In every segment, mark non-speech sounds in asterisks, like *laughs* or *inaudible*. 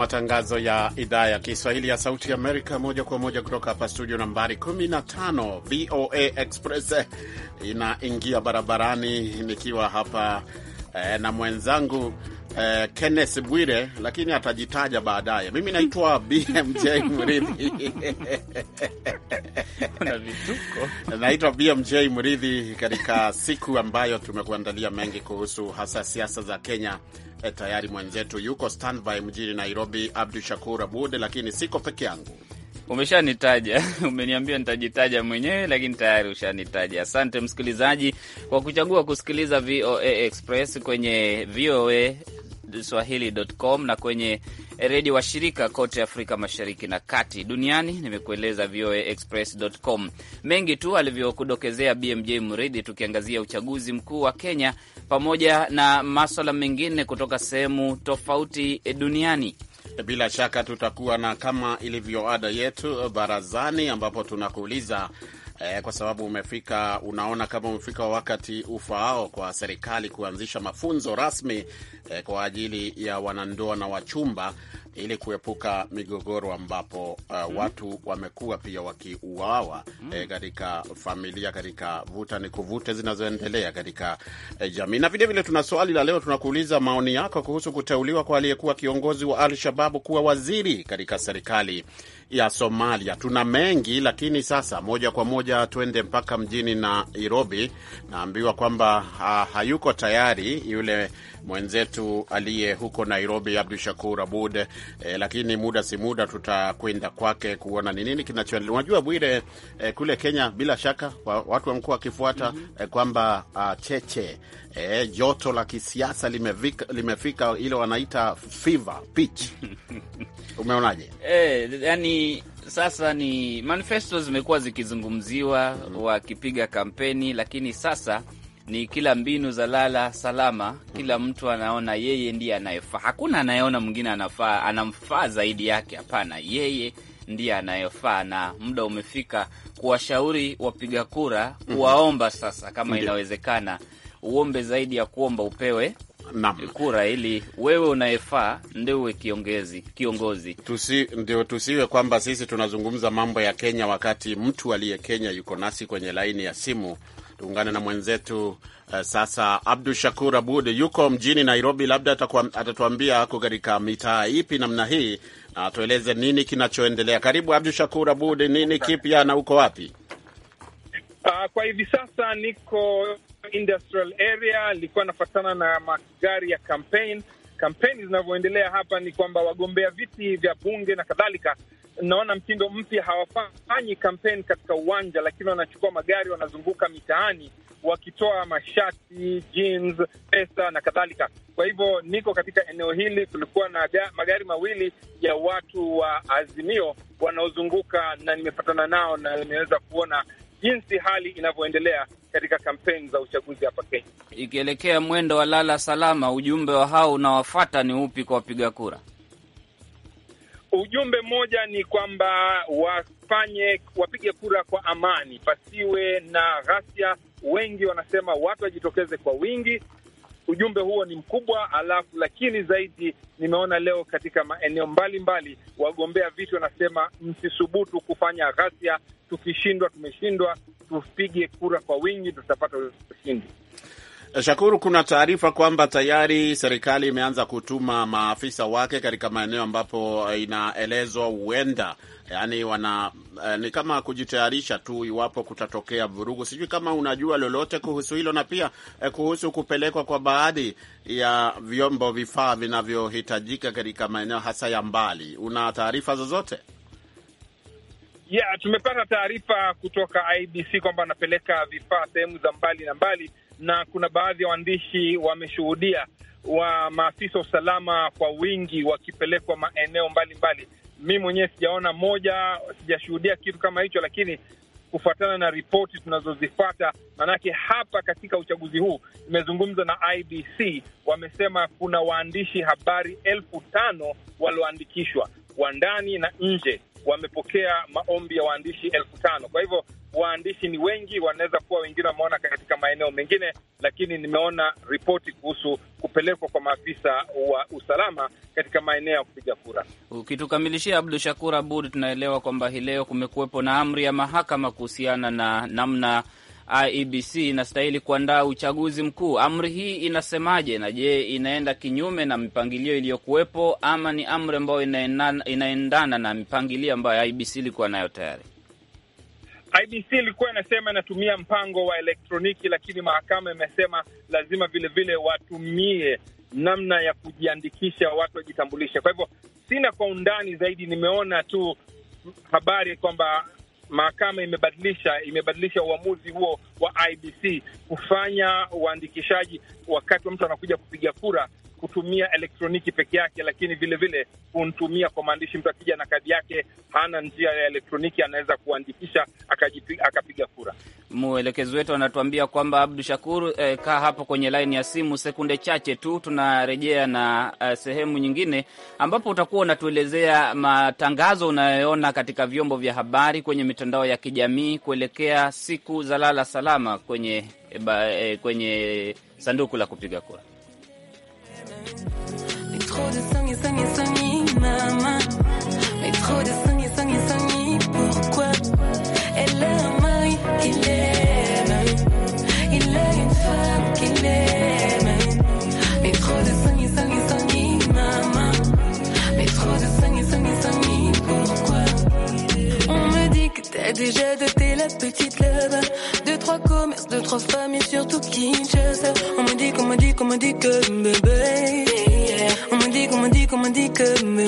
matangazo ya idhaa ya Kiswahili ya Sauti ya Amerika moja kwa moja kutoka hapa studio nambari 15. VOA Express inaingia barabarani nikiwa hapa eh, na mwenzangu eh, Kenneth Bwire, lakini atajitaja baadaye. Mimi naitwa *laughs* BMJ Mridhi *laughs* naitwa BMJ Mridhi, katika siku ambayo tumekuandalia mengi kuhusu hasa siasa za Kenya E, tayari mwenzetu yuko standby mjini Nairobi, Abdu Shakur Abud, lakini siko peke yangu. Umeshanitaja, *laughs* umeniambia nitajitaja mwenyewe, lakini tayari ushanitaja. Asante msikilizaji kwa kuchagua kusikiliza VOA Express kwenye VOA swahili.com na kwenye redio wa shirika kote Afrika Mashariki na Kati. Duniani nimekueleza VOA express.com. Mengi tu alivyokudokezea BMJ Mridhi, tukiangazia uchaguzi mkuu wa Kenya pamoja na maswala mengine kutoka sehemu tofauti eh, duniani. Bila shaka tutakuwa na kama ilivyo ada yetu eh, barazani, ambapo tunakuuliza eh, kwa sababu umefika, unaona kama umefika wakati ufaao kwa serikali kuanzisha mafunzo rasmi eh, kwa ajili ya wanandoa na wachumba ili kuepuka migogoro ambapo uh, mm. watu wamekuwa pia wakiuawa mhm. eh, katika mm. e, familia katika vuta ni kuvute zinazoendelea katika e, jamii. Na vilevile tuna swali la leo, tunakuuliza maoni yako kuhusu kuteuliwa kwa aliyekuwa kiongozi wa Al-Shababu kuwa waziri katika serikali ya Somalia. Tuna mengi lakini sasa moja kwa moja tuende mpaka mjini na Nairobi. Naambiwa kwamba ha, hayuko tayari yule mwenzetu aliye huko Nairobi, Abdu Shakur Abud eh, lakini muda si muda tutakwenda kwake kuona ni nini kinachoendelea. Unajua Bwire, eh, kule Kenya bila shaka wa, watu wamekuwa wakifuata mm -hmm. eh, kwamba ah, cheche eh, joto la kisiasa limefika, limefika ile wanaita fever pitch *laughs* umeonaje? Eh, yani sasa ni manifesto zimekuwa zikizungumziwa mm -hmm. wakipiga kampeni, lakini sasa ni kila mbinu za lala salama, kila mtu anaona yeye ndiye anayefaa. Hakuna anayeona mwingine anafaa anamfaa zaidi yake, hapana, yeye ndiye anayefaa, na muda umefika kuwashauri wapiga kura, kuwaomba sasa, kama inawezekana, uombe zaidi ya kuomba upewe kura ili wewe unayefaa ndio uwe kiongozi, kiongozi. Tusi, ndio tusiwe kwamba sisi tunazungumza mambo ya Kenya wakati mtu aliye Kenya yuko nasi kwenye laini ya simu Tuungane na mwenzetu uh, sasa Abdu Shakur Abud yuko mjini Nairobi, labda atatuambia ako katika mitaa ipi namna hii na atueleze nini kinachoendelea. Karibu Abdu Shakur Abud, nini kipya na uko wapi? Uh, kwa hivi sasa niko industrial area, nilikuwa nafatana na magari ya campaign. Kampeni zinavyoendelea hapa ni kwamba wagombea viti vya bunge na kadhalika naona mtindo mpya, hawafanyi kampeni katika uwanja, lakini wanachukua magari, wanazunguka mitaani wakitoa mashati, jeans, pesa na kadhalika. Kwa hivyo niko katika eneo hili, kulikuwa na magari mawili ya watu wa Azimio wanaozunguka na nimepatana nao na nimeweza kuona jinsi hali inavyoendelea katika kampeni za uchaguzi hapa Kenya, ikielekea mwendo wa lala salama. Ujumbe wa hao unawafata ni upi kwa wapiga kura? Ujumbe mmoja ni kwamba wafanye wapige kura kwa amani, pasiwe na ghasia. Wengi wanasema watu wajitokeze kwa wingi. Ujumbe huo ni mkubwa, alafu lakini zaidi nimeona leo katika maeneo mbalimbali wagombea viti wanasema msisubutu kufanya ghasia, tukishindwa tumeshindwa, tupige kura kwa wingi, tutapata ushindi. Shakuru, kuna taarifa kwamba tayari serikali imeanza kutuma maafisa wake katika maeneo ambapo eh, inaelezwa huenda, yani wana eh, ni kama kujitayarisha tu iwapo kutatokea vurugu. Sijui kama unajua lolote kuhusu hilo, na pia eh, kuhusu kupelekwa kwa baadhi ya vyombo, vifaa vinavyohitajika katika maeneo hasa ya mbali, una taarifa zozote? Yeah, tumepata taarifa kutoka IBC kwamba wanapeleka vifaa sehemu za mbali na mbali na kuna baadhi ya waandishi wameshuhudia wa maafisa wa usalama kwa wingi wakipelekwa maeneo mbalimbali. Mi mwenyewe sijaona moja, sijashuhudia kitu kama hicho, lakini kufuatana na ripoti tunazozifata maanake hapa katika uchaguzi huu imezungumza na IBC, wamesema kuna waandishi habari elfu tano walioandikishwa wa ndani na nje, wamepokea maombi ya waandishi elfu tano. Kwa hivyo waandishi ni wengi, wanaweza kuwa wengine wameona katika maeneo mengine, lakini nimeona ripoti kuhusu kupelekwa kwa maafisa wa usalama katika maeneo ya kupiga kura. Ukitukamilishia Abdu Shakur Abud, tunaelewa kwamba hii leo kumekuwepo na amri ya mahakama kuhusiana na namna IEBC inastahili kuandaa uchaguzi mkuu. Amri hii inasemaje, na je, inaenda kinyume na mipangilio iliyokuwepo ama ni amri ambayo inaendana na mipangilio ambayo IEBC ilikuwa nayo tayari? IBC ilikuwa inasema inatumia mpango wa elektroniki, lakini mahakama imesema lazima vilevile watumie namna ya kujiandikisha, watu wajitambulishe. Kwa hivyo sina kwa undani zaidi, nimeona tu habari kwamba mahakama imebadilisha imebadilisha uamuzi huo wa IBC kufanya uandikishaji wakati wa mtu anakuja kupiga kura kutumia elektroniki peke yake, lakini vilevile kumtumia kwa maandishi. Mtu akija na kadi yake, hana njia ya elektroniki, anaweza kuandikisha akapiga kura. Mwelekezi wetu anatuambia kwamba Abdu Shakur, eh, kaa hapo kwenye laini ya simu sekunde chache tu, tunarejea na eh, sehemu nyingine ambapo utakuwa unatuelezea matangazo unayoona katika vyombo vya habari kwenye mitandao ya kijamii kuelekea siku za lala salama kwenye, eh, eh kwenye sanduku la kupiga kura. trop de sang et sang et sang maman. Mais trop de sang et sang et sang pourquoi Elle a un mari qu'il aime. Il a une femme qu'il aime. Mais trop de sang et sang et sang maman. Mais trop de sang et sang et sang pourquoi On me dit que t'as déjà doté la petite love De trois commerces, de trois familles, surtout qui On me dit qu'on me dit qu'on me dit que bébé. comme on dit que me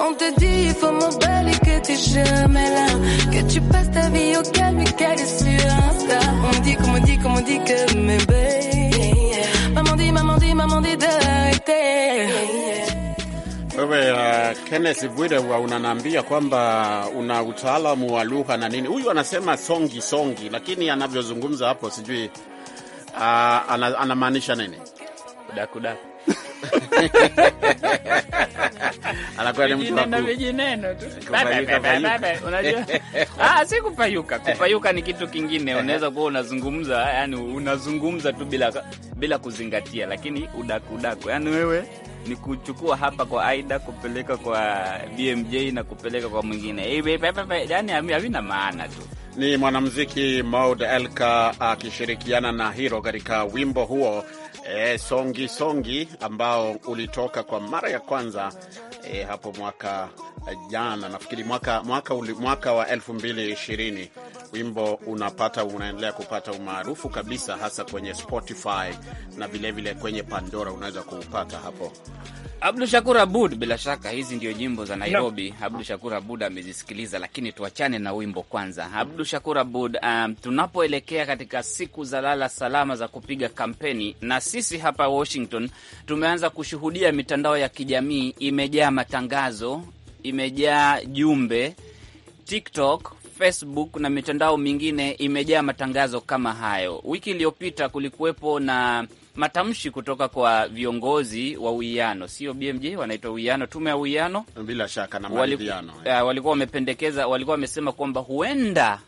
On te dit il faut m'emballer que t'es jamais là Que tu passes ta vie au calme et qu'elle est sur Insta On dit comme on dit comme on dit que me Maman dit, maman dit, maman dit d'arrêter wewe uh, Kenneth Bwire wa unanambia kwamba una utaalamu wa lugha na nini. Huyu anasema songi songi, lakini anavyozungumza hapo sijui uh, anamaanisha nini? Kudakudaku. *laughs* anakuwa ni mtu vijineno tu, unajua *laughs* ah, si kupayuka. Kupayuka ni kitu kingine, unaweza kuwa unazungumza, yani unazungumza tu bila bila kuzingatia, lakini udakudako, yani wewe ni kuchukua hapa kwa Aida kupeleka kwa BMJ na kupeleka kwa mwingine, eh, yani havina maana tu. Ni mwanamuziki Maud Elka akishirikiana na Hiro katika wimbo huo e, songi songi ambao ulitoka kwa mara ya kwanza e, hapo mwaka eh, jana nafikiri mwaka, mwaka, mwaka wa 2020. Wimbo unapata unaendelea kupata umaarufu kabisa, hasa kwenye Spotify na vilevile kwenye Pandora unaweza kuupata hapo. Abdu Shakur Abud, bila shaka hizi ndio nyimbo za Nairobi no. Abdu Shakur Abud amezisikiliza, lakini tuachane na wimbo kwanza. Abdu Shakur Abud, um, tunapoelekea katika siku za lala salama za kupiga kampeni na sisi hapa Washington tumeanza kushuhudia mitandao ya kijamii imejaa matangazo, imejaa jumbe. TikTok, Facebook na mitandao mingine imejaa matangazo kama hayo. Wiki iliyopita kulikuwepo na matamshi kutoka kwa viongozi wa uwiano, sio BMJ, wanaitwa uwiano, tume ya uwiano, bila shaka na maridhiano, eh. Eh, walikuwa wamependekeza, walikuwa wamesema kwamba huenda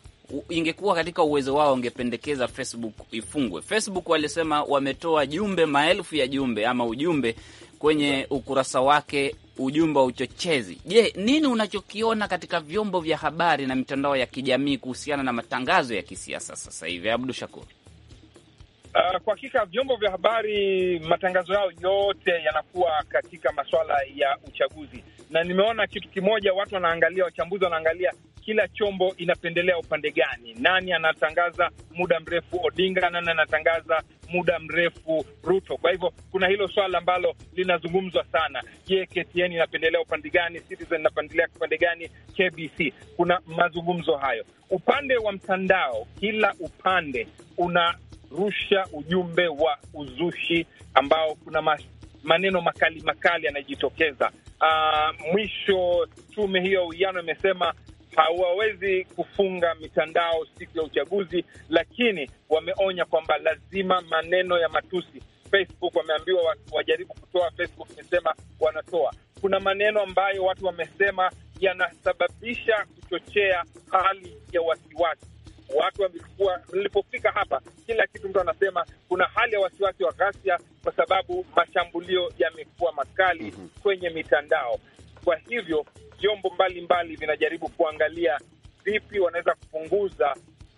ingekuwa katika uwezo wao wangependekeza Facebook ifungwe. Facebook walisema wametoa jumbe, maelfu ya jumbe ama ujumbe kwenye ukurasa wake, ujumbe wa uchochezi. Je, nini unachokiona katika vyombo vya habari na mitandao ya kijamii kuhusiana na matangazo ya kisiasa sasa hivi, Abdu Shakur? Uh, kwa hakika vyombo vya habari matangazo yao yote yanakuwa katika masuala ya uchaguzi na nimeona kitu kimoja, watu wanaangalia, wachambuzi wanaangalia kila chombo inapendelea upande gani, nani anatangaza muda mrefu Odinga, nani anatangaza muda mrefu Ruto. Kwa hivyo kuna hilo swala ambalo linazungumzwa sana. Je, KTN inapendelea upande gani? Citizen inapendelea upande gani? KBC? Kuna mazungumzo hayo. Upande wa mtandao, kila upande unarusha ujumbe wa uzushi ambao kuna maneno makali makali yanajitokeza uh, mwisho tume hiyo ya uwiano imesema hawawezi kufunga mitandao siku ya uchaguzi, lakini wameonya kwamba lazima maneno ya matusi Facebook wameambiwa wajaribu kutoa. Facebook imesema wanatoa. Kuna maneno ambayo watu wamesema yanasababisha kuchochea hali ya wasiwasi watu wamekua nilipofika hapa, kila kitu mtu anasema kuna hali ya wasiwasi wa ghasia, kwa sababu mashambulio yamekuwa makali mm -hmm. kwenye mitandao. Kwa hivyo vyombo mbalimbali vinajaribu kuangalia vipi wanaweza kupunguza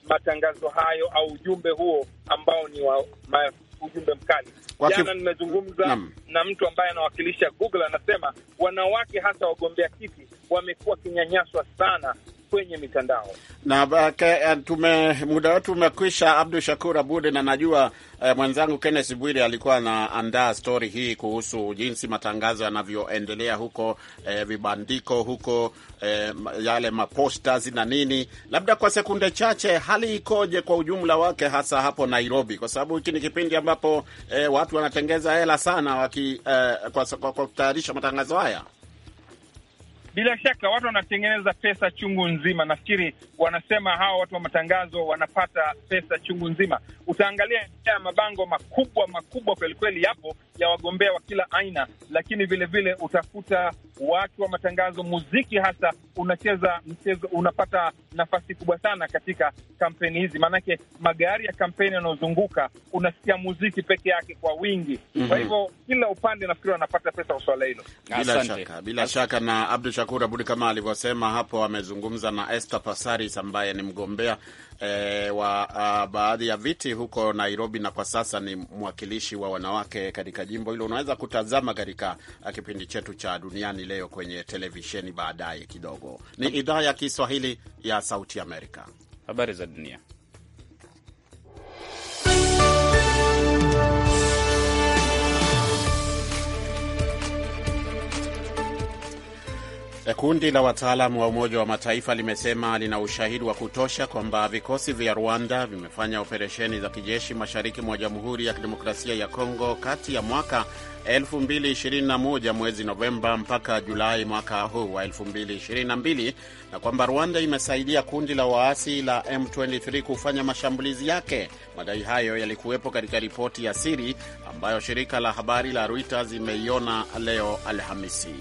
matangazo hayo au ujumbe huo ambao ni wa ma, ujumbe mkali. Jana nimezungumza na, na mtu ambaye anawakilisha Google, anasema wanawake hasa wagombea kiti wamekuwa wakinyanyaswa sana kwenye mitandao na eh, eh, tume, muda wetu umekwisha. Abdu Shakur Abud, na najua eh, mwenzangu Kenneth Bwire alikuwa anaandaa stori hii kuhusu jinsi matangazo yanavyoendelea huko, eh, vibandiko huko, eh, yale maposters na nini. Labda kwa sekunde chache, hali ikoje kwa ujumla wake, hasa hapo Nairobi, kwa sababu hiki ni kipindi ambapo eh, watu wanatengeza hela sana waki, eh, kwa, kwa, kwa kutayarisha matangazo haya. Bila shaka watu wanatengeneza pesa chungu nzima. Nafikiri wanasema hawa watu wa matangazo wanapata pesa chungu nzima. Utaangalia ya mabango makubwa makubwa kwelikweli yapo ya wagombea wa kila aina, lakini vilevile vile utakuta watu wa matangazo, muziki hasa unacheza mchezo, unapata nafasi kubwa sana katika kampeni hizi, maanake magari ya kampeni yanayozunguka, unasikia muziki peke yake kwa wingi. Kwa mm -hmm. hivyo kila upande nafikiri wanapata pesa kwa swala hilo, bila shaka, bila shaka. Na Abdu Shakur Abudi kama alivyosema hapo, amezungumza na Esther Pasaris ambaye ni mgombea e, wa a, ah, baadhi ya viti huko Nairobi, na kwa sasa ni mwakilishi wa wanawake katika jimbo hilo. Unaweza kutazama katika ah, kipindi chetu cha duniani leo kwenye televisheni baadaye kidogo. Ni idhaa ya Kiswahili ya Sauti Amerika. Habari za dunia. Kundi la wataalam wa Umoja wa Mataifa limesema lina ushahidi wa kutosha kwamba vikosi vya Rwanda vimefanya operesheni za kijeshi mashariki mwa Jamhuri ya Kidemokrasia ya Kongo kati ya mwaka 2021 mwezi Novemba mpaka Julai mwaka huu wa 2022 na kwamba Rwanda imesaidia kundi la waasi la M23 kufanya mashambulizi yake. Madai hayo yalikuwepo katika ripoti ya siri ambayo shirika la habari la Reuters imeiona leo Alhamisi.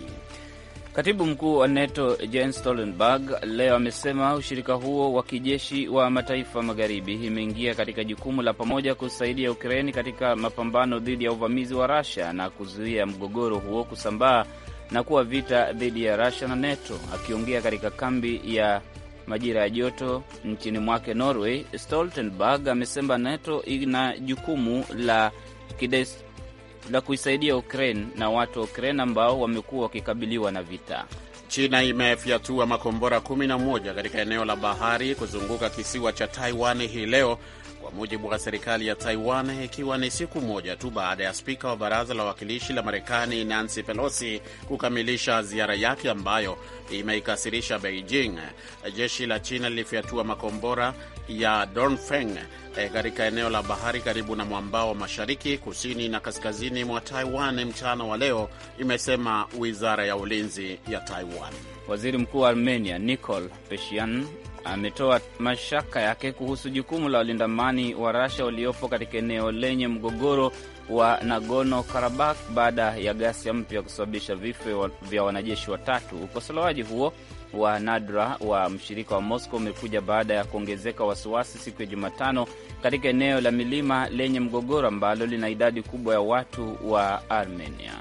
Katibu mkuu wa NATO Jens Stoltenberg leo amesema ushirika huo wa kijeshi wa mataifa magharibi imeingia katika jukumu la pamoja kusaidia Ukraini katika mapambano dhidi ya uvamizi wa rusia na kuzuia mgogoro huo kusambaa na kuwa vita dhidi ya rusia na NATO. Akiongea katika kambi ya majira ya joto nchini mwake Norway, Stoltenberg amesema NATO ina jukumu la la kuisaidia Ukraine na watu wa Ukraine ambao wamekuwa wakikabiliwa na vita. China imefyatua makombora 11 katika eneo la bahari kuzunguka kisiwa cha Taiwan hii leo kwa mujibu wa serikali ya Taiwan, ikiwa ni siku moja tu baada ya spika wa baraza la wawakilishi la Marekani Nancy Pelosi kukamilisha ziara yake ambayo imeikasirisha Beijing. Jeshi la China lilifyatua makombora ya Dongfeng e, katika e, eneo la bahari karibu na mwambao wa mashariki, kusini na kaskazini mwa Taiwan mchana wa leo, imesema wizara ya ulinzi ya Taiwan. Waziri Mkuu wa Armenia Nikol Pashinyan ametoa mashaka yake kuhusu jukumu la walindamani wa Rasha waliopo katika eneo lenye mgogoro wa nagono Karabakh baada ya ghasia mpya kusababisha vifo vya wanajeshi watatu. Ukosolewaji huo wa nadra wa mshirika wa Moscow umekuja baada ya kuongezeka wasiwasi siku ya Jumatano katika eneo la milima lenye mgogoro ambalo lina idadi kubwa ya watu wa Armenia.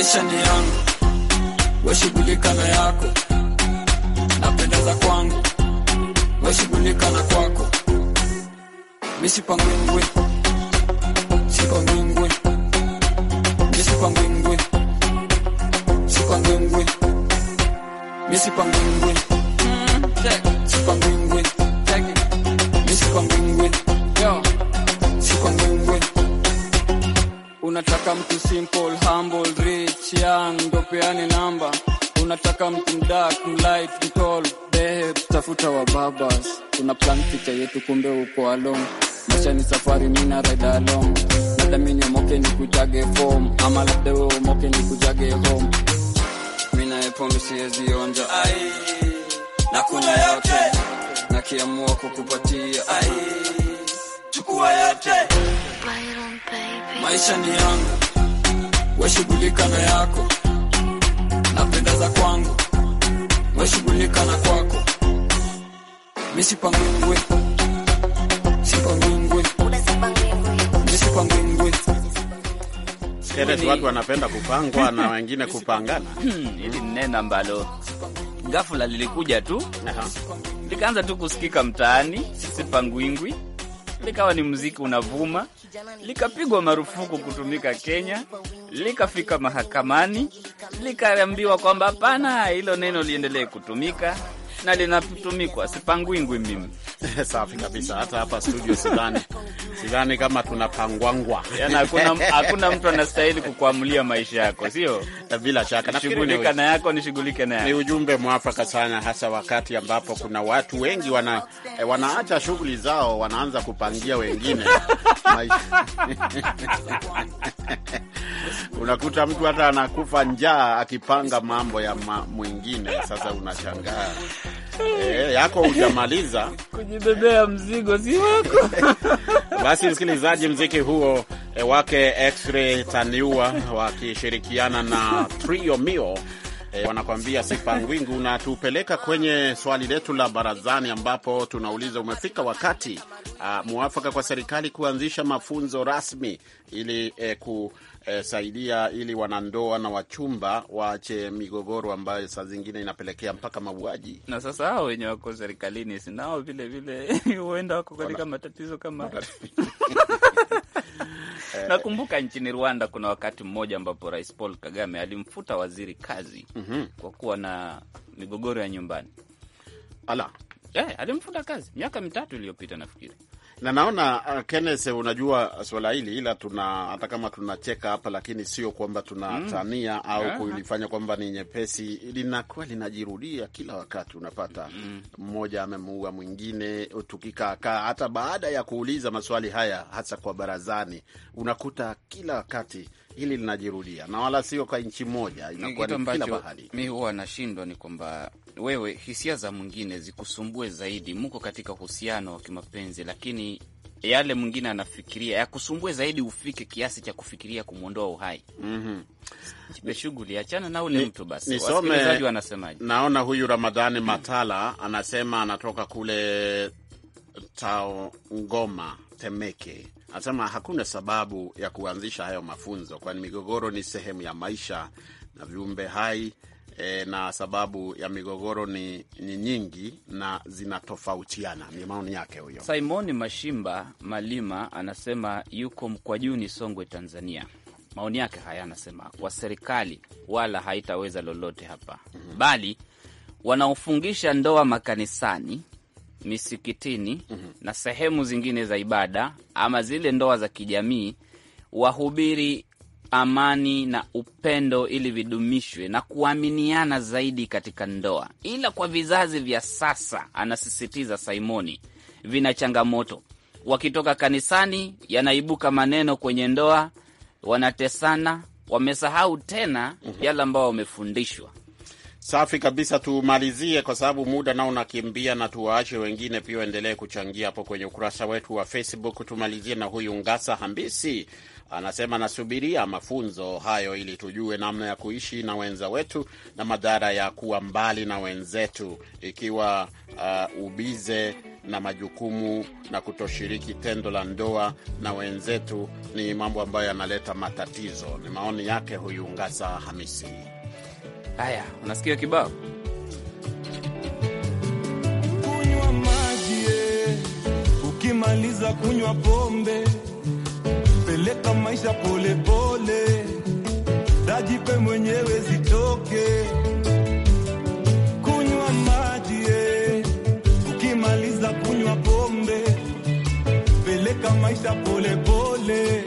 maisha ni yangu, weshughulika na yako, napendeza kwangu, weshughulika na kwako, misipangwingwi sipangwingwi misipangwingwi sipangwingwi misipangwingwi sipangwingwi hmm, Unataka mtu simple, humble, rich, young, dopeane namba. Unataka mtu dark, light, tall, babe, tafuta wa babas. Una plan picha yetu, kumbe uko alone. Maisha ni safari, na ride along. Labda mini moke ni kujage form, ama labda we moke ni kujage home. Mina epombe siezi onja, ai, na kuna yote, na kiamua kukupatia, ai, chukua yote. pay maisha ni yangu, weshughulika na yako, napenda za kwangu, weshughulika na kwako, misipangwe sipangwe misipangwe Keres, watu wanapenda kupangwa na wengine kupangana. *laughs* Hmm, hili ni neno ambalo ghafla lilikuja tu likaanza tu kusikika mtaani, sipangwingwi likawa ni muziki unavuma, likapigwa marufuku kutumika Kenya, likafika mahakamani, likaambiwa kwamba hapana, hilo neno liendelee kutumika na linatumikwa sipangwingwi mimi. *laughs* Safi kabisa. Hata hapa studio sidhani sidhani kama tunapangwangwa, yaani hakuna mtu anastahili kukuamulia maisha yako, sio? Bila shaka shughulika na yako nishughulike na yako. Ni ujumbe mwafaka sana, hasa wakati ambapo kuna watu wengi wana, eh, wanaacha shughuli zao wanaanza kupangia wengine *laughs* maisha *laughs* Unakuta mtu hata anakufa njaa akipanga mambo ya ma mwingine. Sasa unashangaa e, yako hujamaliza kujibebea mzigo si wako. *laughs* Basi msikilizaji, mziki huo e, wake X-Ray Taniua wakishirikiana na Trio Mio E, eh, wanakwambia sifa ngwingu na tupeleka kwenye swali letu la barazani, ambapo tunauliza umefika wakati a, ah, mwafaka kwa serikali kuanzisha mafunzo rasmi ili e, ku, e, saidia ili wanandoa na wachumba waache migogoro ambayo saa zingine inapelekea mpaka mauaji. Na sasa hao wenye wako serikalini sinao vile vile *laughs* huenda wako katika matatizo kama *laughs* eh. Nakumbuka nchini Rwanda kuna wakati mmoja ambapo Rais Paul Kagame alimfuta waziri kazi mm -hmm. kwa kuwa na migogoro ya nyumbani. Ala. eh, alimfuta kazi miaka mitatu iliyopita nafikiri na naona uh, Kenneth, unajua swala hili ila tuna hata kama tunacheka hapa, lakini sio kwamba tunatania mm. au yeah. Eh, eh. kulifanya kwamba ni nyepesi, linakuwa linajirudia kila wakati, unapata mm. mmoja mm. amemuua mwingine, tukikaakaa hata baada ya kuuliza maswali haya hasa kwa barazani, unakuta kila wakati hili linajirudia na wala sio kwa nchi moja, inakuwa ni kila mahali. Mi huwa nashindwa ni kwamba wewe hisia za mwingine zikusumbue zaidi, mko katika uhusiano wa kimapenzi, lakini yale mwingine anafikiria yakusumbue zaidi, ufike kiasi cha kufikiria kumwondoa uhai. mm -hmm. Shughuli achana na ule mtu basi. Wasikilizaji wanasemaje? Naona huyu Ramadhani Matala anasema anatoka kule Tao Ngoma, Temeke. Anasema hakuna sababu ya kuanzisha hayo mafunzo, kwani migogoro ni sehemu ya maisha na viumbe hai e, na sababu ya migogoro ni, ni nyingi na zinatofautiana. Ni maoni yake huyo Simon Mashimba Malima, anasema yuko Mkwajuni, Songwe, Tanzania. Maoni yake haya, anasema kwa serikali wala haitaweza lolote hapa mm -hmm. bali wanaofungisha ndoa makanisani misikitini mm -hmm. na sehemu zingine za ibada ama zile ndoa za kijamii, wahubiri amani na upendo ili vidumishwe na kuaminiana zaidi katika ndoa, ila kwa vizazi vya sasa, anasisitiza Simoni, vina changamoto. Wakitoka kanisani, yanaibuka maneno kwenye ndoa, wanatesana, wamesahau tena mhm. yale ambayo wamefundishwa. Safi kabisa, tumalizie kwa sababu muda nao unakimbia, na tuwaache wengine pia waendelee kuchangia hapo kwenye ukurasa wetu wa Facebook. Tumalizie na huyu Ngasa Hambisi anasema, nasubiria mafunzo hayo ili tujue namna ya kuishi na wenza wetu na madhara ya kuwa mbali na wenzetu, ikiwa uh, ubize na majukumu na kutoshiriki tendo la ndoa na wenzetu ni mambo ambayo yanaleta matatizo. Ni maoni yake huyu Ngasa Hamisi. Haya, unasikia kibao kunywa maji, eh. ukimaliza kunywa pombe, peleka maisha polepole, tajipe mwenyewe zitoke. Kunywa maji, eh. ukimaliza kunywa pombe, peleka maisha polepole,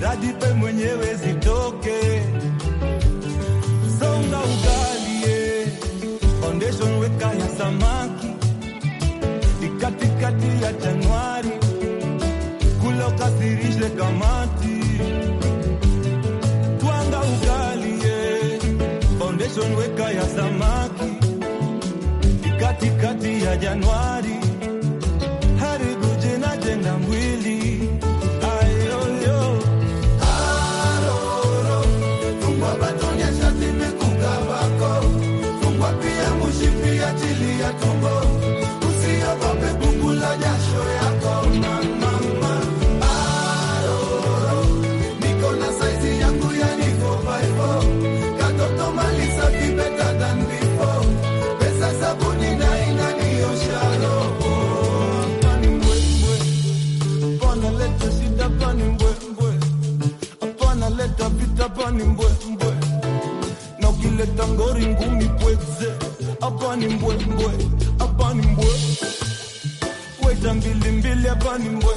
tajipe mwenyewe zitoke ugalie ondesho nweka ya samaki ikatikati ya Januari kula ukasirishe kamati twanga ugalie ondesho nweka ya samaki ikatikati ya Januari harigujena jenga mwili ya tumbo, usiogope bungu la jasho ya running away.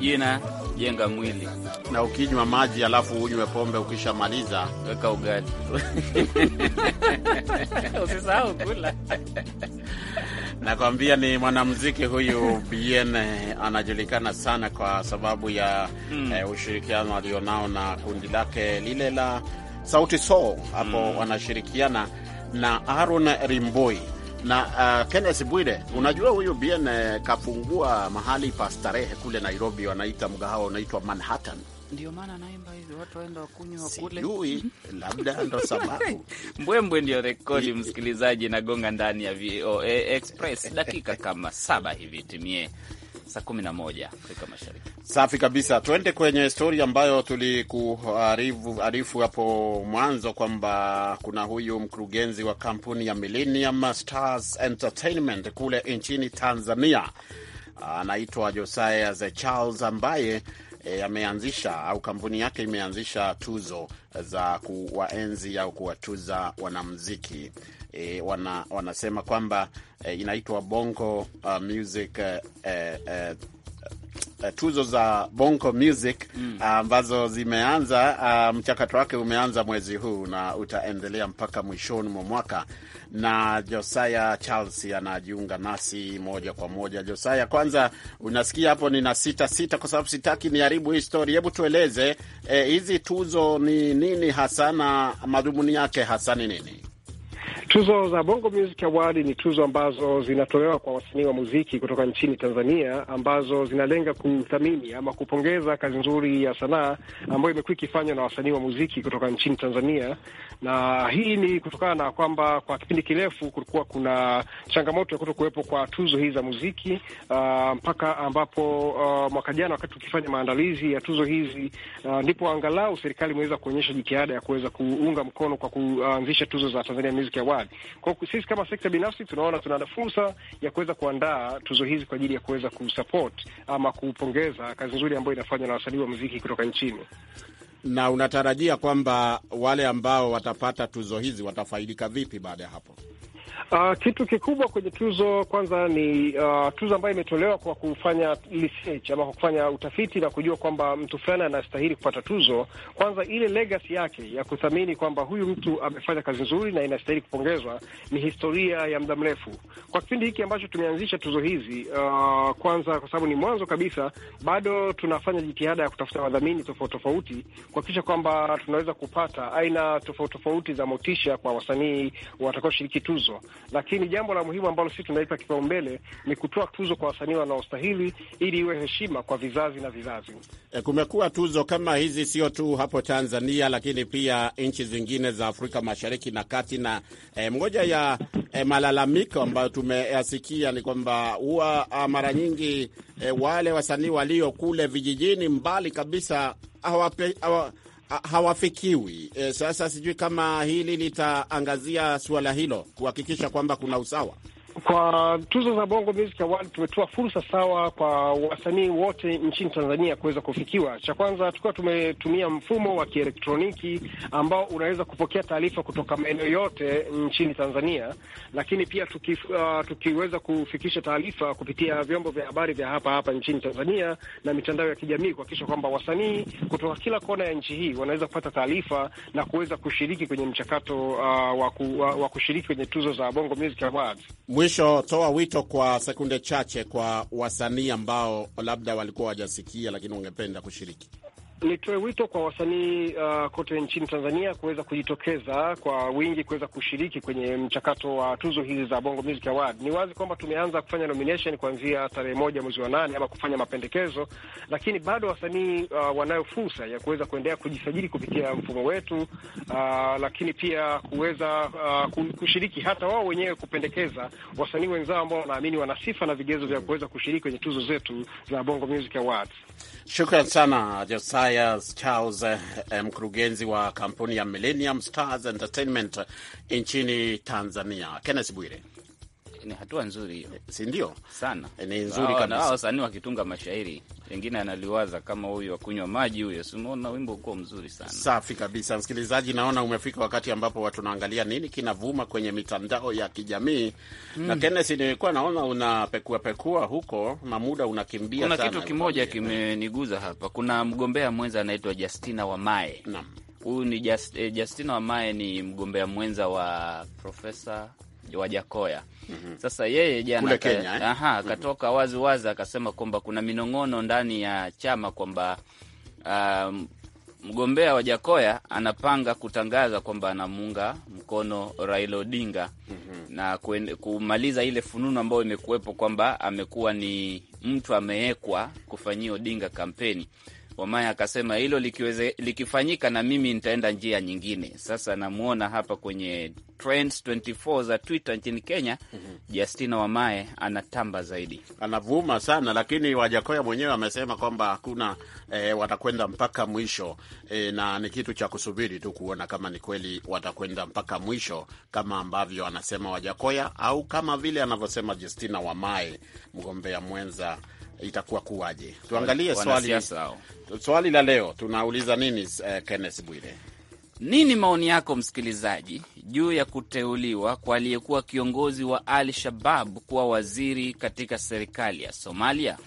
jina jenga mwili, na ukinywa maji alafu unywe pombe, ukishamaliza weka ugali *laughs* usisahau kula. *laughs* Nakwambia ni mwanamuziki huyu Bien eh, anajulikana sana kwa sababu ya mm, eh, ushirikiano alionao na kundi lake lile la Sauti Sol hapo, mm, wanashirikiana na Aaron Rimboi na uh, Kenneth Bwire, unajua huyu Bien eh, kafungua mahali pa starehe kule Nairobi, wanaita mgahawa unaitwa Manhattan. Ndio maana hivi, watu waenda wakunywa kule, sijui *laughs* labda ndo sababu. *laughs* Mbwembwe ndio rekodi, msikilizaji, nagonga ndani ya VOA Express dakika kama saba hivi timie saa Afrika Mashariki. Safi kabisa, tuende kwenye stori ambayo tulikuarifu hapo mwanzo kwamba kuna huyu mkurugenzi wa kampuni ya Millennium Stars Entertainment kule nchini Tanzania anaitwa Josiah Charles ambaye E, ameanzisha au kampuni yake imeanzisha tuzo za kuwaenzi au kuwatuza wanamziki E, wana, wanasema kwamba eh, inaitwa Bongo uh, Music eh, eh, Uh, tuzo za bonko Music mm. ah, ambazo uh, zimeanza uh, mchakato wake umeanza mwezi huu na utaendelea mpaka mwishoni mwa mwaka, na Josiah Charles anajiunga nasi moja kwa moja. Josiah, kwanza unasikia hapo nina sita sita kwa sababu sitaki niharibu hii stori. Hebu tueleze eh, hizi eh, tuzo ni nini hasa na madhumuni yake hasa ni nini? Tuzo za Bongo Music Award ni tuzo ambazo zinatolewa kwa wasanii wa muziki kutoka nchini Tanzania ambazo zinalenga kuthamini ama kupongeza kazi nzuri ya sanaa ambayo imekuwa ikifanywa na wasanii wa muziki kutoka nchini Tanzania, na hii ni kutokana na kwamba kwa kipindi kirefu kulikuwa kuna changamoto ya kuto kuwepo kwa tuzo hizi za muziki uh, mpaka ambapo uh, mwaka jana wakati tukifanya maandalizi ya tuzo hizi uh, ndipo angalau serikali imeweza kuonyesha jitihada ya kuweza kuunga mkono kwa kuanzisha tuzo za Tanzania Music Award serikali. Kwa sisi kama sekta binafsi tunaona tuna fursa ya kuweza kuandaa tuzo hizi kwa ajili ya kuweza kusupport ama kupongeza kazi nzuri ambayo inafanywa na wasanii wa muziki kutoka nchini. Na unatarajia kwamba wale ambao watapata tuzo hizi watafaidika vipi baada ya hapo? Uh, kitu kikubwa kwenye tuzo kwanza ni uh, tuzo ambayo imetolewa kwa kufanya research ama kwa kufanya utafiti na kujua kwamba mtu fulani anastahili kupata tuzo. Kwanza ile legacy yake ya kuthamini kwamba huyu mtu amefanya kazi nzuri na inastahili kupongezwa, ni historia ya muda mrefu. Kwa kipindi hiki ambacho tumeanzisha tuzo hizi uh, kwanza, kwa sababu ni mwanzo kabisa, bado tunafanya jitihada ya kutafuta wadhamini tofauti tofauti kuhakikisha kwamba tunaweza kupata aina tofauti tofauti za motisha kwa wasanii watakaoshiriki tuzo lakini jambo la muhimu ambalo sisi tunaipa kipaumbele ni kutoa tuzo kwa wasanii wanaostahili ili iwe heshima kwa vizazi na vizazi. E, kumekuwa tuzo kama hizi sio tu hapo Tanzania, lakini pia nchi zingine za Afrika Mashariki na Kati, na e, moja ya e, malalamiko ambayo tumeyasikia ni kwamba huwa mara nyingi e, wale wasanii walio kule vijijini mbali kabisa hawape, hawa, hawafikiwi. E, sasa sijui kama hili litaangazia suala hilo kuhakikisha kwamba kuna usawa. Kwa tuzo za Bongo Music Award tumetoa fursa sawa kwa wasanii wote nchini Tanzania kuweza kufikiwa. Cha kwanza tukiwa tumetumia mfumo wa kielektroniki ambao unaweza kupokea taarifa kutoka maeneo yote nchini Tanzania, lakini pia tuki, uh, tukiweza kufikisha taarifa kupitia vyombo vya habari vya hapa hapa nchini Tanzania na mitandao ya kijamii kuhakikisha kwamba wasanii kutoka kila kona ya nchi hii wanaweza kupata taarifa na kuweza kushiriki kwenye mchakato uh, wa kushiriki kwenye tuzo za Bongo Music Awards mwisho, toa wito kwa sekunde chache kwa wasanii ambao labda walikuwa wajasikia lakini wangependa kushiriki. Nitoe wito kwa wasanii uh, kote nchini Tanzania kuweza kujitokeza kwa wingi kuweza kushiriki kwenye mchakato wa tuzo hizi za Bongo Music Award. Ni wazi kwamba tumeanza kufanya nomination kuanzia tarehe moja mwezi wa nane ama kufanya mapendekezo, lakini bado wasanii uh, wanayo fursa ya kuweza kuendelea kujisajili kupitia mfumo wetu uh, lakini pia kuweza uh, kushiriki hata wao wenyewe kupendekeza wasanii wenzao ambao wanaamini wana sifa na vigezo vya kuweza kushiriki kwenye tuzo zetu za Bongo Music Awards. Shukran sana Josai. Elias Charles, eh, mkurugenzi wa kampuni ya Millennium Stars Entertainment nchini Tanzania. Kenneth Bwire. Ni hatua nzuri hiyo, eh, si ndio? Sana eh, ni nzuri kabisa. Hao wasanii wakitunga mashairi, wengine analiwaza kama huyu akunywa maji huyo, si umeona wimbo ukuwa mzuri sana. Safi kabisa, msikilizaji, naona umefika wakati ambapo watu naangalia nini kinavuma kwenye mitandao ya kijamii mm. Na Kenneth, nilikuwa naona unapekua pekua huko na muda unakimbia sana. Kuna kitu kimoja kimeniguza hapa. Kuna mgombea mwenza anaitwa Justina Wamae. Naam. Huyu ni Just, eh, Justina Wamae ni mgombea mwenza wa Profesa Wajakoya. mm -hmm. Sasa yeye jana Kenya, eh? aha, mhm. akatoka waziwazi akasema kwamba kuna minong'ono ndani ya chama kwamba uh, mgombea wa Jakoya anapanga kutangaza kwamba anamuunga mkono Raila Odinga mm -hmm. na kuende, kumaliza ile fununu ambayo imekuwepo kwamba amekuwa ni mtu amewekwa kufanyia Odinga kampeni. Wamaya akasema hilo likiweze, likifanyika na mimi nitaenda njia nyingine. Sasa namwona hapa kwenye trends 24 za Twitter nchini Kenya. mm -hmm. Justina Wamae anatamba zaidi, anavuma sana, lakini Wajakoya mwenyewe amesema kwamba hakuna e, watakwenda mpaka mwisho e, na ni kitu cha kusubiri tu kuona kama ni kweli watakwenda mpaka mwisho kama ambavyo anasema Wajakoya au kama vile anavyosema Justina Wamae, mgombea mwenza itakuwa kuwaje? Tuangalie swali, swali la leo tunauliza nini? Uh, Kenneth Bwire, nini maoni yako msikilizaji juu ya kuteuliwa kwa aliyekuwa kiongozi wa Al Shabab kuwa waziri katika serikali ya Somalia?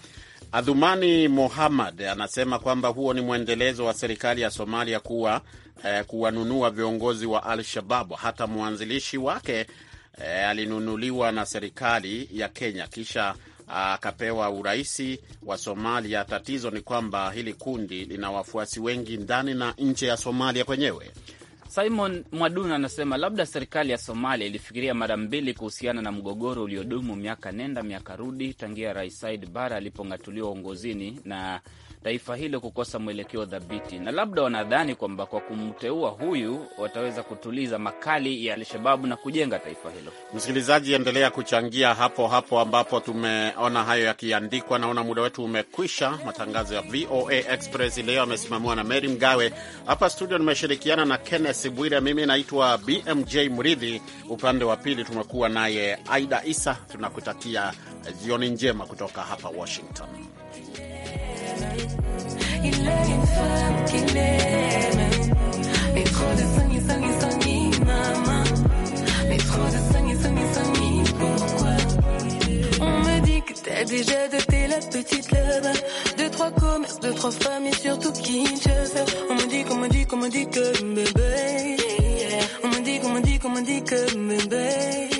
Adhumani muhammad anasema kwamba huo ni mwendelezo wa serikali ya Somalia kuwa eh, kuwanunua viongozi wa Al Shabab. Hata mwanzilishi wake eh, alinunuliwa na serikali ya Kenya kisha akapewa uraisi wa Somalia. Tatizo ni kwamba hili kundi lina wafuasi wengi ndani na nje ya Somalia kwenyewe. Simon Mwaduna anasema labda serikali ya Somalia ilifikiria mara mbili kuhusiana na mgogoro uliodumu miaka nenda miaka rudi tangia Rais Said Bara alipong'atuliwa uongozini na taifa hilo kukosa mwelekeo dhabiti, na labda wanadhani kwamba kwa kumteua huyu wataweza kutuliza makali ya Alshababu na kujenga taifa hilo. Msikilizaji, endelea kuchangia hapo hapo ambapo tumeona hayo yakiandikwa. Naona muda wetu umekwisha. Matangazo ya VOA Express leo amesimamiwa na Mary Mgawe. Hapa studio nimeshirikiana na Kenneth Bwire, mimi naitwa BMJ Mridhi, upande wa pili tumekuwa naye Aida Isa. Tunakutakia jioni njema kutoka hapa Washington. il a une femme qu'il aime. Mais trop de sang, sang, sang, maman. Mais trop de sang, sang, sang, pourquoi On me dit que t'es déjà tes la petite là De trois commerces, de trois femmes et surtout Kinshasa On me dit, qu'on me dit, qu'on me dit que bébé. On me dit, qu'on me dit, qu'on me dit que bébé.